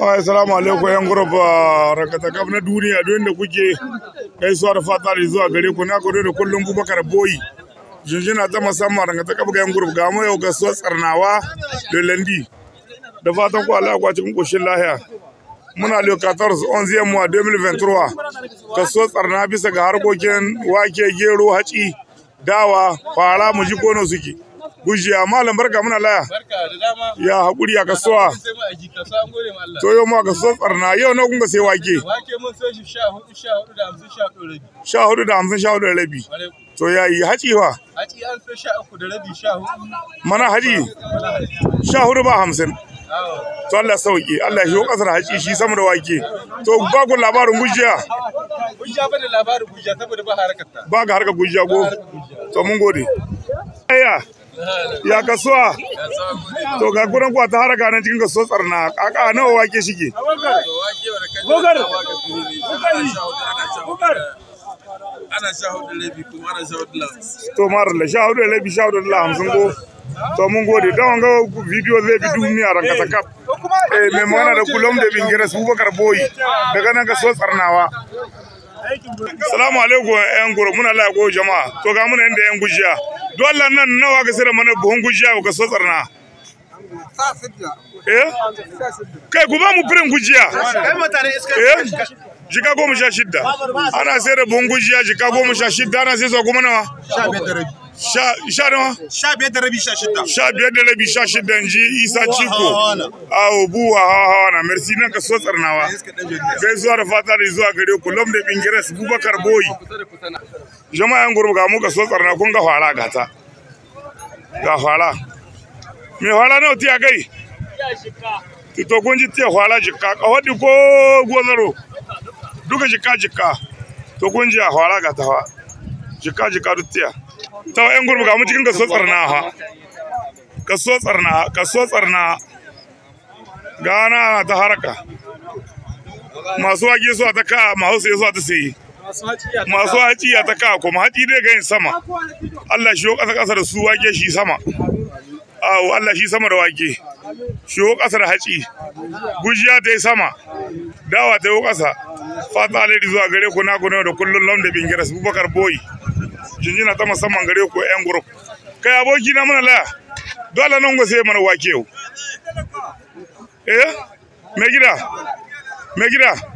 Assalamu alaikum yan gurba uh, rakatakaf na duniya don da kuke gaisuwa da fata da zuwa gare ku na gode da kullum Bubakar Boyi jinjina ta musamman rakatakaf ga yan gurba ga mu yau tsarnawa da landi da fatan ku Allah kwa cikin koshin lahiya muna le 14 11 mois 2023 kasuwa tsarna bisa ga harkokin wake gero haci dawa fara mu ji kono suke Gujiya malam barka muna laya. Ya hakuri a kasuwa. To yau ma kasuwa tsarna yau na kun ga sai wake. Wake mun sai sha hudu sha hudu da hamsin sha hudu da rabi. hudu da hamsin sha hudu da rabi. To ya yi Mana haci? Sha hudu ba hamsin. To Allah sauki Allah shi kasar haci shi sama da wake. To ba ku labarin gujiya. ba da labarin gujiya gujiya ko? To mun gode. ya kasuwa to ga gurin kuwa ta haraka nan cikin kasuwar tsarna kaka nawa wake shige ana ana sha hudu lams to marla sha hudu laifi sha hudu lams ko to mun gode don wanga video zai bi dubu miya ranka ta kap eh mai mana da kulom da bingira su bakar boyi daga nan so tsarnawa salamu alaikum yan guru muna lagos jama'a to ga muna inda yan gujiya dole nan nawa ka sai da mana buhun gujiya ka so tsarna eh kai ku ba mu firin gujiya eh jika goma sha shidda ana sai da buhun gujiya jika goma sha shidda ana sai sa kuma nawa sha nawa? sha biyar da rabi sha shida sha biyar da rabi sha shida in ji isa ciko awo a hawa hawa na merci nan ka so tsarnawa gaisuwa da fata da zuwa gare ku lom da bingires bubakar boyi jama'an gurbu ga mu ka so tsarna kun ga fara gata ga fara me fara nawa tiya gai to kun ji tiya fara jikka kawadi ko gozaro duka jika jika. to kun ji a fara gata fa Jika jika duk tiya ta yan gurbu ga mu cikin kaso tsarna ha kaso tsarna kaso tsarna gana na ta haraka masu wage su ta ka masu sai su ta sai masu haci ya ta ka kuma haci dai ga sama Allah shi yo kasa kasa da su wage shi sama awo Allah shi sama da wake shi yo kasa da haci gujiya ta yi sama dawa ta yo kasa fata alheri zuwa gare ku na ku da kullun lam da bingiras bubakar boy. jinjina ta musamman gare ko yan group kai aboki na muna laya dole nan go sai mana wake yau eh me gida me gida